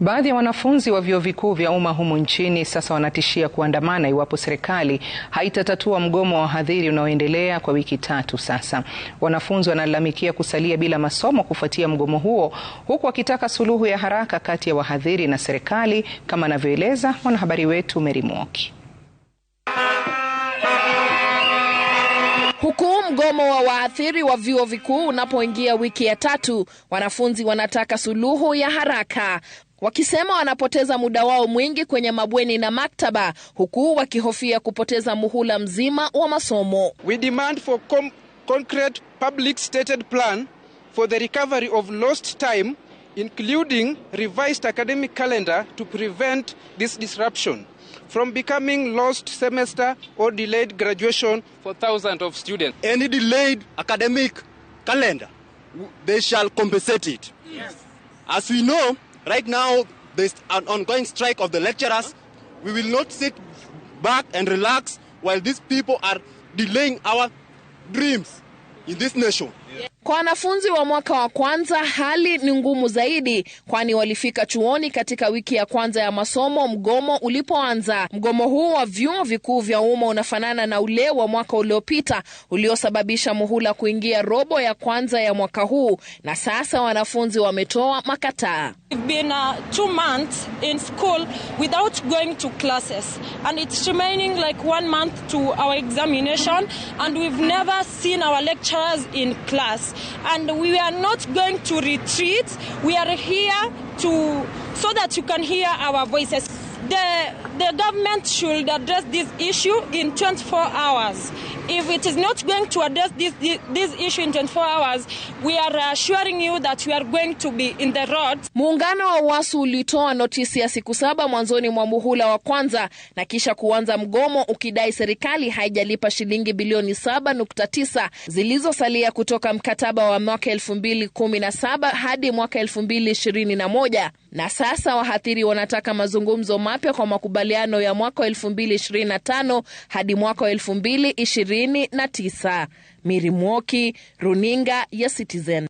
Baadhi ya wanafunzi wa vyuo vikuu vya umma humu nchini sasa wanatishia kuandamana iwapo serikali haitatatua mgomo wa wahadhiri unaoendelea kwa wiki tatu sasa. Wanafunzi wanalalamikia kusalia bila masomo kufuatia mgomo huo, huku wakitaka suluhu ya haraka kati ya wahadhiri na serikali, kama anavyoeleza mwanahabari wetu Mary Mwoki. Huku mgomo wa waathiri wa vyuo vikuu unapoingia wiki ya tatu, wanafunzi wanataka suluhu ya haraka wakisema wanapoteza muda wao mwingi kwenye mabweni na maktaba, huku wakihofia kupoteza muhula mzima wa masomo. We demand for com concrete public stated plan for the recovery of lost time including revised academic calendar to prevent this disruption from becoming lost semester or delayed graduation for thousands of students. Any delayed academic calendar, they shall compensate it. Yes. As we know, Right now, there's an ongoing strike of the lecturers. We will not sit back and relax while these people are delaying our dreams in this nation. Kwa wanafunzi wa mwaka wa kwanza hali ni ngumu zaidi, kwani walifika chuoni katika wiki ya kwanza ya masomo mgomo ulipoanza. Mgomo huu wa vyuo vikuu vya umma unafanana na ule wa mwaka uliopita uliosababisha muhula kuingia robo ya kwanza ya mwaka huu, na sasa wanafunzi wametoa makataa. We've been uh, two months in school without going to classes, and it's remaining like one month to our examination, and we've never seen our lecturers in class. And we are not going to retreat, we are here to so that you can hear our voices. The, the government should address this issue in 24 hours. If it is not going to address this, this, issue in 24 hours, we are assuring you that we are going to be in the road. Muungano wa wasu ulitoa notisi ya siku saba mwanzoni mwa muhula wa kwanza na kisha kuanza mgomo ukidai serikali haijalipa shilingi bilioni 7.9 zilizosalia kutoka mkataba wa mwaka 2017 hadi mwaka 2021 na sasa wahathiri wanataka mazungumzo mapya mapya kwa makubaliano ya mwaka 2025 hadi mwaka 2029. Miri Mwoki, Runinga ya Citizen.